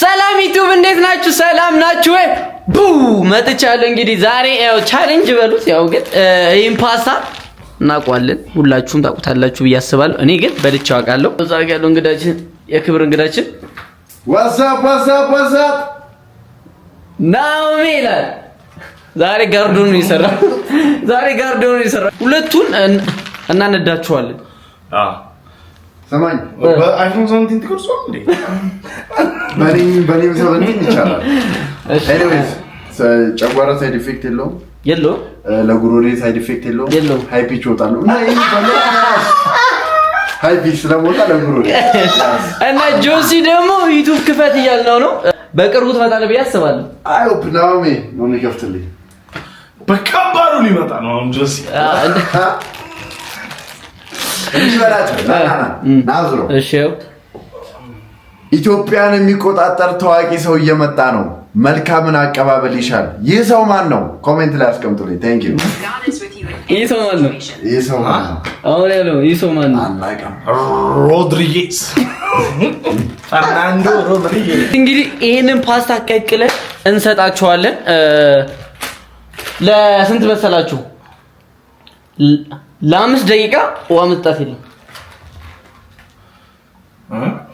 ሰላም ዩቲዩብ እንዴት ናችሁ? ሰላም ናችሁ ወይ? ቡ መጥቻለሁ። እንግዲህ ዛሬ ያው ቻሌንጅ በሉት ያው ግን ይሄን ፓስታ እናውቀዋለን፣ ሁላችሁም ታውቁታላችሁ ብዬ አስባለሁ። እኔ ግን በልቼ አውቃለሁ። እዛ ጋር ያለው እንግዳችን የክብር እንግዳችን ዋትስአፕ ዋትስአፕ ዋትስአፕ ናኦሚ ይላል። ዛሬ ጋርዶን ይሰራ ዛሬ ጋርዶን ይሰራ የሰራው። ሁለቱን እናነዳችኋለን። አዎ ሰማኝ በአይፎን ሰቨንቲን ትቀርጾ እንዴ? በኔም ሰቨንቲን ይቻላል። ኤኒዌይስ ጨጓራ ሳይድ ኢፌክት የለውም የለውም። ለጉሮሬ ሳይድ ኢፌክት የለውም የለውም። ሃይ ፒች ይወጣሉ እና ሃይ ፒች ስለሞጣ ለጉሮሬ እና ጆሲ ደግሞ ዩቲዩብ ክፈት እያልነው ነው። በቅርቡ ትመጣለህ ብዬ አስባለሁ። አይ ሆፕ ናሜ ነው የሚከፍትልኝ። በከባዱ ሊመጣ ነው አሁን ጆሲ ኢትዮጵያን የሚቆጣጠር ታዋቂ ሰው እየመጣ ነው። መልካምን አቀባበል ይሻል። ይህ ሰው ማን ነው? ኮሜንት ላይ አስቀምጡልኝ። ታንክ ዩ። ይህ ሰው ማን ነው? ይህ ሰው ማን ነው? አሁን ይህ ሰው ማን ነው? ሮድሪጌዝ ፈርናንዶ ሮድሪጌዝ። እንግዲህ ይህንን ፓስታ ቀቅለን እንሰጣችኋለን። ለስንት መሰላችሁ? ለአምስት ደቂቃ ውሃ መጠጣት የለም።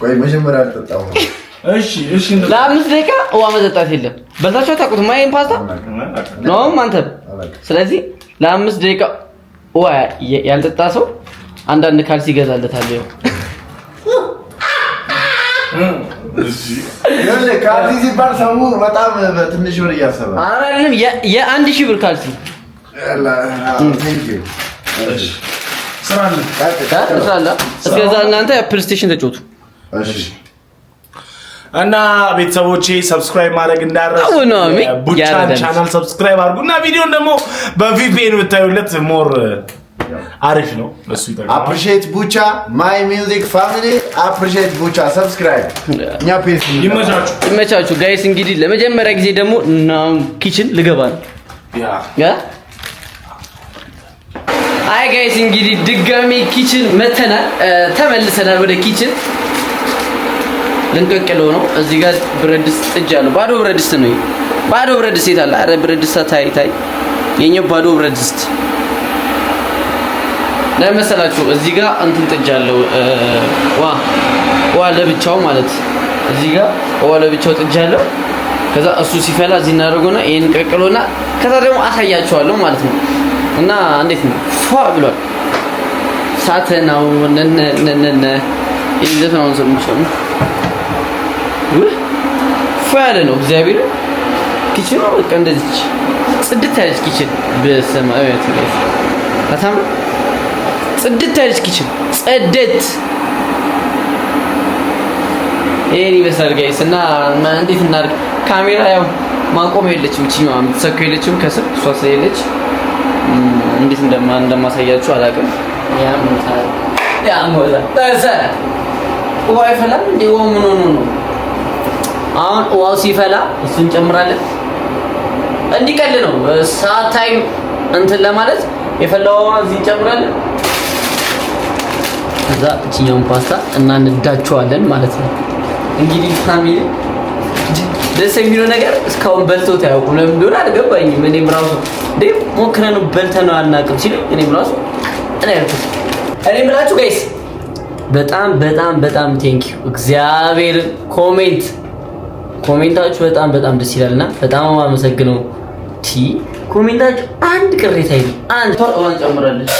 ቆይ መጀመሪያ አልጠጣሁም። እሺ፣ እሺ፣ ለአምስት ደቂቃ ውሃ መጠጣት የለም። በልታችሁ አታውቁትም? ማይን ፓስታ ነውም አንተም። ስለዚህ ለአምስት ደቂቃ ውሃ ያልጠጣ ሰው አንዳንድ ካልሲ ይገዛለታል። ይኸው ካልሲ ሲባል ሰው በጣም በትንሽ ብር እያሰበ የአንድ ሺህ ብር ካልሲ እስከዛ እናንተ ፕሌይስቴሽን ተጫወቱ እና ቤተሰቦቼ ሰብስክራይብ ማድረግ እንዳረሱ ቡቻን ቻናል ሰብስክራይብ አድርጉ እና ቪዲዮን ደግሞ በቪፒኤን ብታዩለት ሞር አሪፍ ነው። እሱ ይጠቅማል። አፕሪሼት ቡቻ ማይ ሚውዚክ ፋሚሊ አፕሪሼት ቡቻ ሰብስክራይብ። እኛ ፔስ ይመቻችሁ፣ ይመቻችሁ ጋይስ። እንግዲህ ለመጀመሪያ ጊዜ ደግሞ ኪችን ልገባ ነው ያ አይ ጋይስ እንግዲህ ድጋሚ ኪችን መተናል፣ ተመልሰናል ወደ ኪችን። ልንቀቅለው ነው። እዚህ ጋር ብረት ድስት ጥጅ አለው። ባዶ ብረት ድስት ነው። ባዶ ብረት ድስት የት አረ ብረት ድስት ታይ ታይ፣ የኛው ባዶ ብረት ድስት ለመሰላችሁ። እዚህ ጋር እንትን ጥጅ አለው። ዋ ዋ ለብቻው ማለት እዚህ ጋር ዋ ለብቻው ጥጅ አለው። ከዛ እሱ ሲፈላ እዚህ እናደርገውና ይሄን ቀቅሎና ከዛ ደግሞ አሳያችኋለሁ ማለት ነው። እና እንዴት ነው ፏ ብሏል። ሳተ ሳተናው ነነነ የዘፈናውን ስም ሰሙ ፏ ያለ ነው። እግዚአብሔር ኪችን ነው በቃ እንደዚች ጽድት ያለች ኪችን በሰማያት ላይ አታም ጽድት ያለች ኪችን ጸደት ይሄን ይመስላል ጋይስ። እና እንዴት እናድርግ? ካሜራ ያው ማቆም የለችም፣ እቺ ነው የምትሰካው የለችም፣ ከስር እሷ ስለሌለች እንዴት እንደማ እንደማሳያችሁ አላውቅም። ውሃ ይፈላል እንዴ? ውሃ ምን ሆኖ ነው? አሁን ውሃው ሲፈላ እሱን እንጨምራለን። እንዲቀል ነው ሰዓት ታይም እንትን ለማለት የፈላው ውሃ እዚህ እንጨምራለን። እዛ እችኛውን ፓስታ እናንዳቸዋለን ማለት ነው። እንግዲህ ፋሚሊ ደስ የሚለው ነገር እስካሁን በልቶት አያውቁም። ለምን እንደሆነ አልገባኝም እኔም ራሱ እንዴ ሞክረን በልተን ነው አናውቅም ሲሉ እኔ ብራሱ እኔ ያልኩት እኔ ብላችሁ ጋይስ በጣም በጣም በጣም ቴንክ እግዚአብሔር። ኮሜንት ኮሜንታችሁ በጣም በጣም ደስ ይላል በጣም አመሰግነው። ቲ ኮሜንታችሁ አንድ ቅሬታ ይሉ አንድ ቶራን ጨምራለች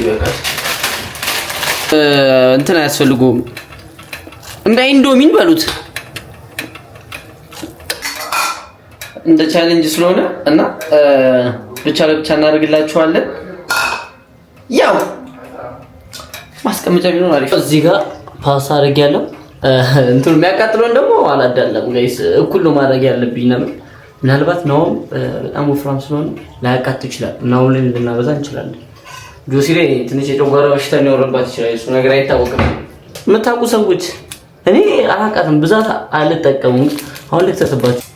ይዲ እንትን አያስፈልጉም። እንደ ኢንዶሚን በሉት እንደ ቻሌንጅ ስለሆነ እና ብቻ ለብቻ እናደርግላችኋለን። ያው ማስቀመጫ ቢሆን አሪፍ። እዚህ ጋር ፓስ ፓስታ ያለው እንትኑ የሚያቃጥለውን ደግሞ አላዳለም። ጋይስ እኩል ነው ማድረግ ያለብኝ ነው። ምናልባት ነው በጣም ወፍራም ስለሆነ ላያቃጥ ይችላል። ናው ላይ ልናበዛ እንችላለን። ጆሲ ላይ ትንሽ የጨጓራ በሽታ ሊኖርባት ይችላል። እሱ ነገር አይታወቅም። የምታውቁ ሰዎች እኔ አላውቃትም፣ ብዛት አልጠቀሙም። አሁን ልክተትባቸው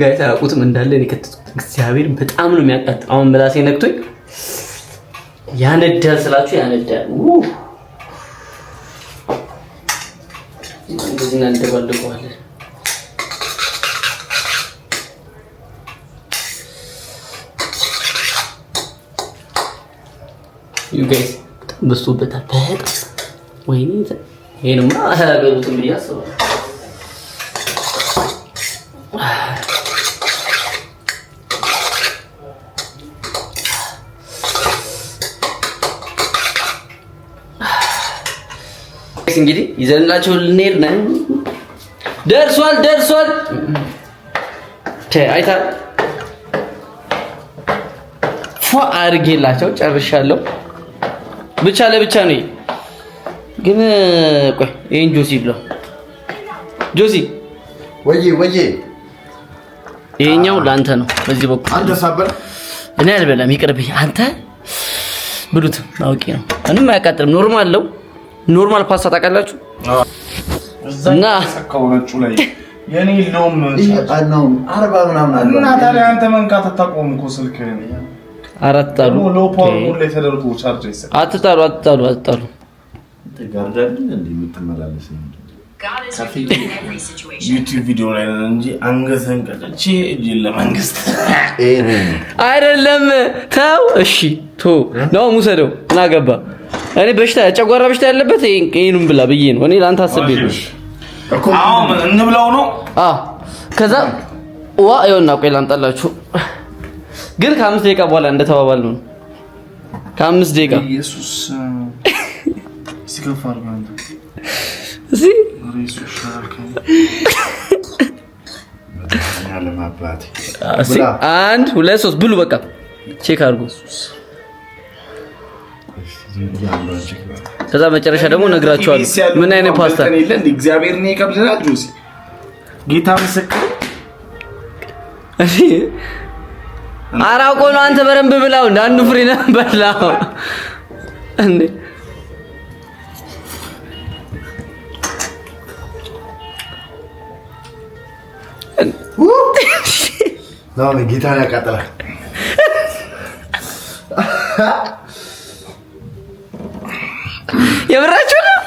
ጋይስ አያውቁትም እንዳለ የከተትኩት እግዚአብሔር በጣም ነው የሚያቃጥ። አሁን ምላሴ ነክቶኝ ያነዳል ስላችሁ ያነዳል። እንደዚህ እናደባልቀዋለን። ዩ ጋይስ በጣም በዝቶበታል። በጣም ወይኔ ይሄንማ አያገሉትም ብዬ አስባለሁ። ኬክስ እንግዲህ ይዘንላችሁ ልንሄድ ነን። ደርሷል ደርሷል። አይታ ፎ አድርጌላቸው ጨርሻለሁ። ብቻ ለብቻ ነው ግን ቆይ ይሄን ጆሲ ብሎ ጆሲ ወይ ወይ፣ ይሄኛው ለአንተ ነው። በዚህ በኩል አንተ ሳበር እኔ አልበላም ይቅርብኝ። አንተ ብሉት አውቄ ነው ምንም አያቃጥልም። ኖርማል ነው። ኖርማል ፓስታ ታውቃላችሁ እና የኔ የለውም እና ታዲያ አትጣሉ አትጣሉ አትጣሉ አይደለም ተው እሺ ቶ ነው ሙሰደው ምን እኔ በሽታ ጨጓራ በሽታ ያለበት ይሄንም ብላ ብዬ ነው። እኔ ላንተ አስቤ ነው። አሁን እንብላው ነው። አዎ ከዛ ዋ ይኸውና፣ ቆይ ላምጣላችሁ። ግን ከአምስት ደቂቃ በኋላ እንደተባባል ነው። ከአምስት ደቂቃ ኢየሱስ ሲከፋር ማለት አንድ ሁለት ሶስት ብሉ። በቃ ቼክ አድርጉ። ከዛ መጨረሻ ደግሞ ነግራቸዋል። ምን አይነት ፓስታ እግዚአብሔር ነው ይቀብልናል። ጌታ ምስክር አራቆ ነው። አንተ በረንብ ብላው እንደ አንዱ ፍሬ ነው በላው እንዴ ጌታ ያቃጥላል። የምራችሁ ነው።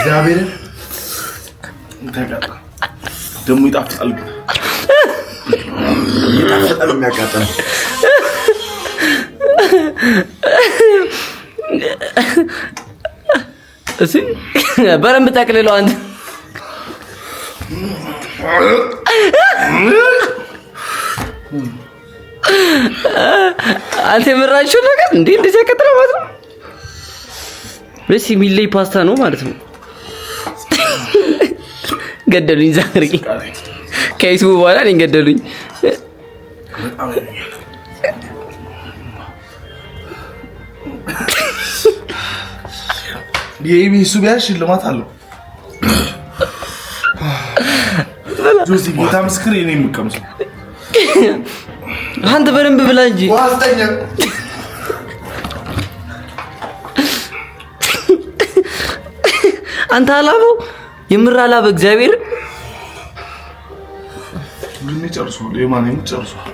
እግዚአብሔር ደግሞ ይጣፍጣል፣ ይጣፍጣል የሚያቃጠል እሺ በረንብ ጠቅልለው አንተ አንተ የምራችሁ ነገር እንዴ እንደዚህ ያቀጥለው ማለት ነው። ደስ የሚለይ ፓስታ ነው ማለት ነው። ገደሉኝ ዛሬ ከዩቱብ በኋላ እኔን ገደሉኝ። የኢቢኤሱ ቢያንስ ሽልማት አለው። ጌታ ምስክር ነው። የምቀምሰው አንተ በደንብ ብላ እንጂ አንተ አላበው የምር አላበ እግዚአብሔር ምን ይጨርሷል? የማን ይጨርሷል?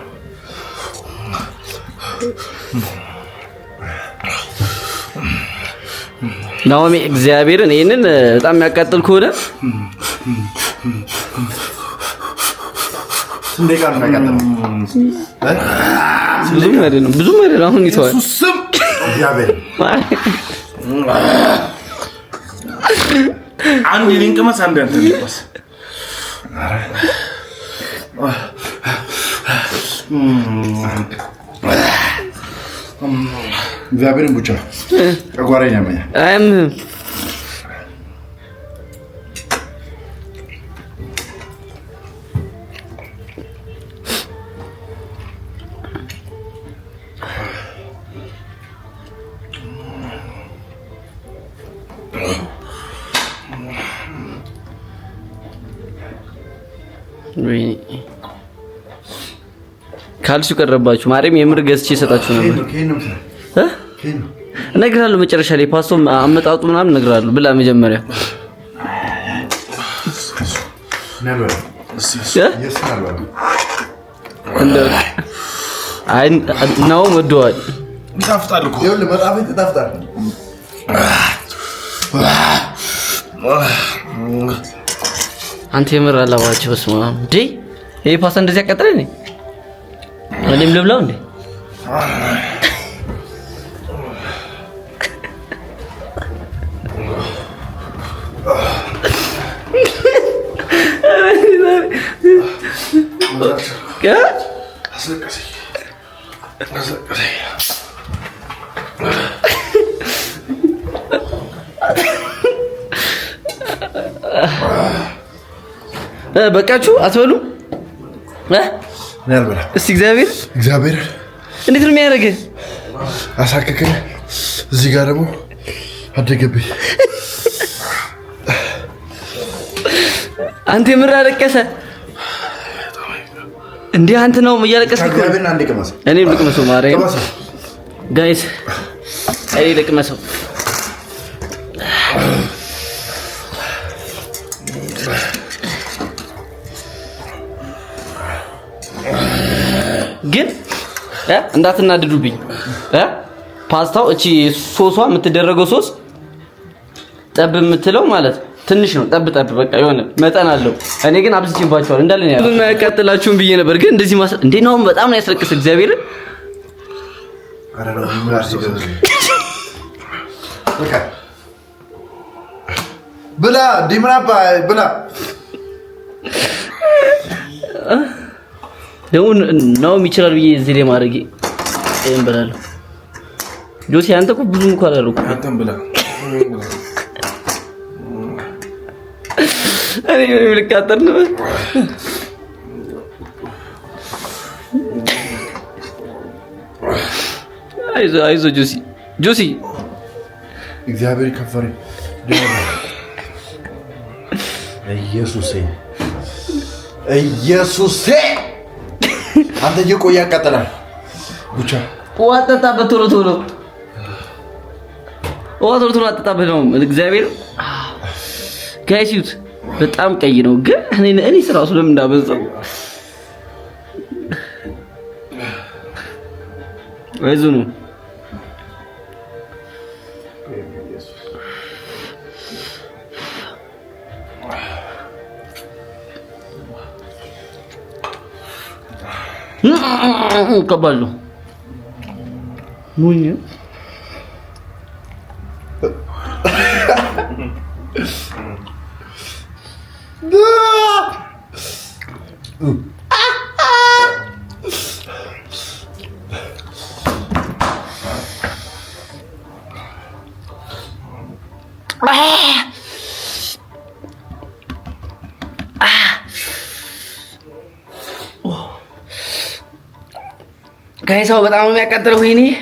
ናኦሚ እግዚአብሔርን ይህንን በጣም የሚያቃጥል ከሆነ ብዙም አይደለም። አሁን ይተዋል። አንድ ሊንቅመስ አንድ አንተ ሊንቅመስ እግዚአብሔርን ቡቻ ጨጓራዬን ያመኛል። ካልሱ ቀረባችሁ ማርያም የምር ገዝቼ እሰጣችሁ ነበር። እነግርሃለሁ መጨረሻ ላይ ፓስቶ አመጣጡ ምናምን እነግርሃለሁ። ብላ መጀመሪያ ነው ወደዋል። አንተ የምር አላባቸው ስማ፣ ይሄ ፓስታ እንደዚህ ያቀጥላል። እኔም ልብላው እንዴ? በቃችሁ አትበሉ? እስቲ እግዚአብሔር እግዚአብሔር እንዴት ነው የሚያደርግህ? አሳከከኝ። እዚህ ጋር ደግሞ አደገብኝ። አንተ የምር አለቀሰ እንዴ? አንተ ነው እያለቀስክ? እኔም ልቅመሰው፣ ማርያም ጋይስ፣ እኔ ልቅመሰው። ግን እንዳትናድዱብኝ ፓስታው እቺ ሶሷ የምትደረገው ሶስ ጠብ የምትለው ማለት ትንሽ ነው። ጠብ ጠብ በቃ የሆነ መጠን አለው። እኔ ግን አብዝቼባቸዋል እንዳለ ነው ያለው። ያቃጥላችሁን ብዬ ነበር፣ ግን እንደዚህ ማስ እንዴ ነው። በጣም ነው ያስለቅስ። እግዚአብሔር ብላ ዲምራባ ብላ ደግሞ ናውም ይችላል ብዬ እዚህ ላይ ማድረግ ይሄን ብላለሁ። ጆሲ አንተ እኮ ብዙ እንኳን አላደረኩም። አጥም ብላ እኔ ምን ልቃጠር ነው? አይዞ አይዞ ጆሲ ጆሲ እግዚአብሔር ከፈሪ ኢየሱሴ ኢየሱሴ አንተ እየቆየ ያቃጠላል። ብቻ አጠጣበት፣ ቶሎ ቶሎ ውሃ ቶሎ ቶሎ አጠጣበት ነው እግዚአብሔር ጋይሲዩት በጣም ቀይ ነው ግን እኔ እኔ ስራሱ ለምን እንዳበዛው። አይዞህ ነው um cavalo. guys sobat kamu akan terus ini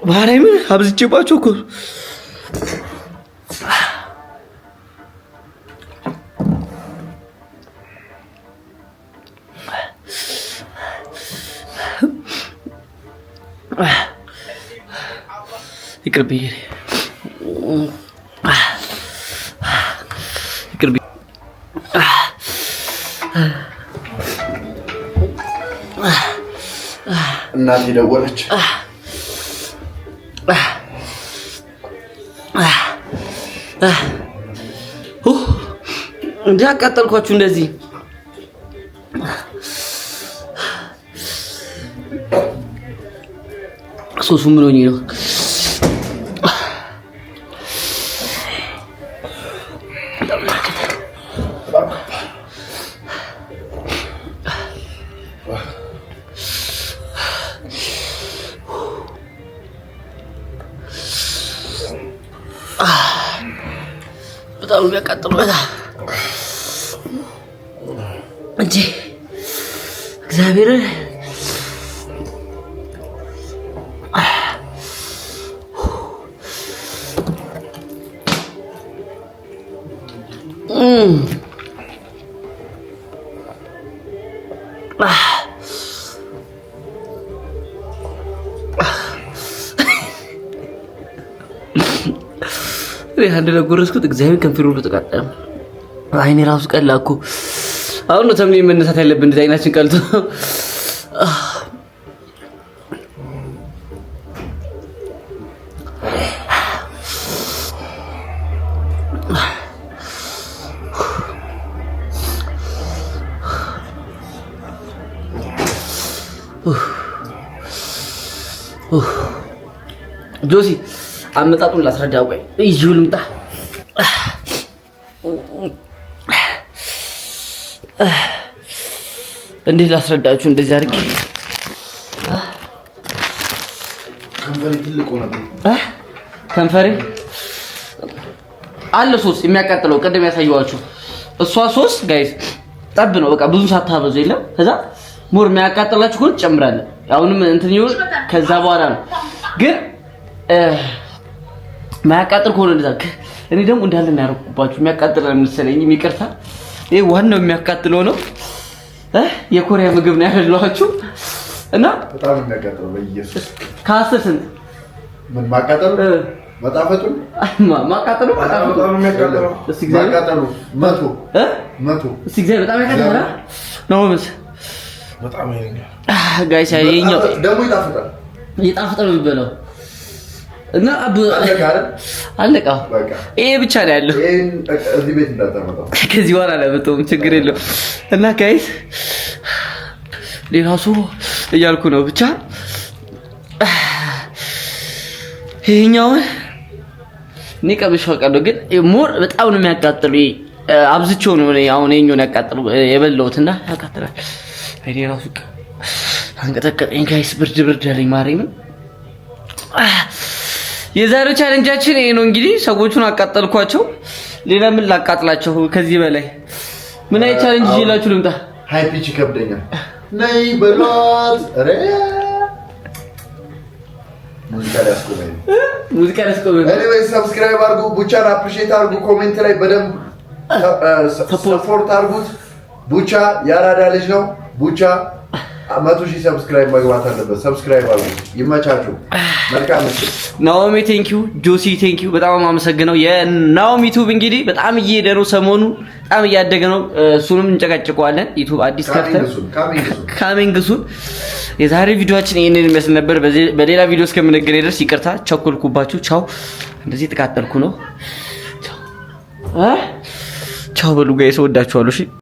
Barang ini habis coba cukur Ikut pikir ya. እናት ደወለች። አቃጠልኳችሁ እንደዚህ ሶሱ ምን ሆኜ ነው? በጣም የሚያቃጥል እንጂ እግዚአብሔርን ሬሳ እንደነጎረስኩት እግዚአብሔር ከንፈሩ ተቃጠ። አይኔ ራሱ ቀላ እኮ። አሁን ነው ተምኔ መነሳት ያለብን። እንደዚህ አይናችን ቀልቶ ጆሲ አመጣጡን ላስረዳ። ቆይ ይዤው ልምጣ። እንዴት ላስረዳችሁ? እንደዚህ አድርጌ ከንፈሬ አለ ሶስ የሚያቃጥለው ቅድም ያሳየኋችሁ እሷ ሶስ ጋይስ ጠብ ነው። በቃ ብዙ ሳታበዙ የለም። ከዛ ሙር የሚያቃጥላችሁ ሁሉ ጨምራለን። አሁንም እንትን ይሁን ከዛ በኋላ ነው ግን ማያቃጥል ከሆነ እንደዛ እኔ ደግሞ እንዳለ እናያረኩባችሁ የሚያቃጥል መሰለኝ። ይቅርታ፣ ይሄ ዋናው የሚያቃጥለው ነው። የኮሪያ ምግብ ነው ያበላኋችሁ እና በጣም የሚያቃጥለው በኢየሱስ ከአስር ስንት ምን ማቃጠሉ መጣፈጡ ማቃጠሉ ማቃጠሉ መቶ መቶ እስኪ እግዚአብሔር በጣም ያቃጥላል ነው ምስ በጣም ይሄኛው ደግሞ ይጣፍጣል ይጣፍጣል የሚበላው እና አለቃ ይሄ ብቻ ነው ያለው። ከዚህ በኋላ ለመጠውም ችግር የለው። እና ጋይስ ሌላ ሰው እያልኩ ነው ብቻ ይሄኛውን እኔ ቀምሼ አውቃለሁ፣ ግን ሞር በጣም ነው የሚያቃጥሉ። አብዝቼው ነው አሁን ይሄኛውን ያቃጥሉ የበላሁት እና ያቃጥላል። እኔ ራሱ አንቀጠቀጠኝ ጋይስ፣ ብርድ ብርድ ያለኝ ማርያምን የዛሬው ቻለንጃችን ይሄ ነው። እንግዲህ ሰዎቹን አቃጠልኳቸው። ሌላ ምን ላቃጥላቸው? ከዚህ በላይ ምን አይነት ቻለንጅ ይላችሁ ልምጣ? ሃይ ፒች ይከብደኛል። ነይ በሏት። ኧረ ሙዚቃ ሊያስቆመኝ ሙዚቃ ሊያስቆመኝ። ኤኒዌይ ሰብስክራይብ አድርጉ፣ ቡቻን አፕሪሼት አድርጉ፣ ኮሜንት ላይ በደንብ ሰፖርት አድርጉት። ቡቻ ያራዳ ልጅ ነው። ቡቻ መቶ ሺህ ሰብስክራይብ መግባት አለበት። ሰብስክራይብ አሉ። ይመቻችሁ። መልካም ናኦሚ ቴንኪዩ፣ ጆሲ ቴንኪዩ። በጣም አመሰግነው። የናኦሚ ዩቱብ እንግዲህ በጣም እየሄደ ነው፣ ሰሞኑ በጣም እያደገ ነው። እሱንም እንጨቀጭቀዋለን። ዩቱብ አዲስ ከፍተን ካሚንግ ሱን። የዛሬ ቪዲዮችን ይህንን ይመስል ነበር። በሌላ ቪዲዮ እስከምንገናኝ ድረስ ይቅርታ ቸኮልኩባችሁ። ቻው። እንደዚህ የተቃጠልኩ ነው። ቻው በሉ ጋይስ፣ እወዳችኋለሁ።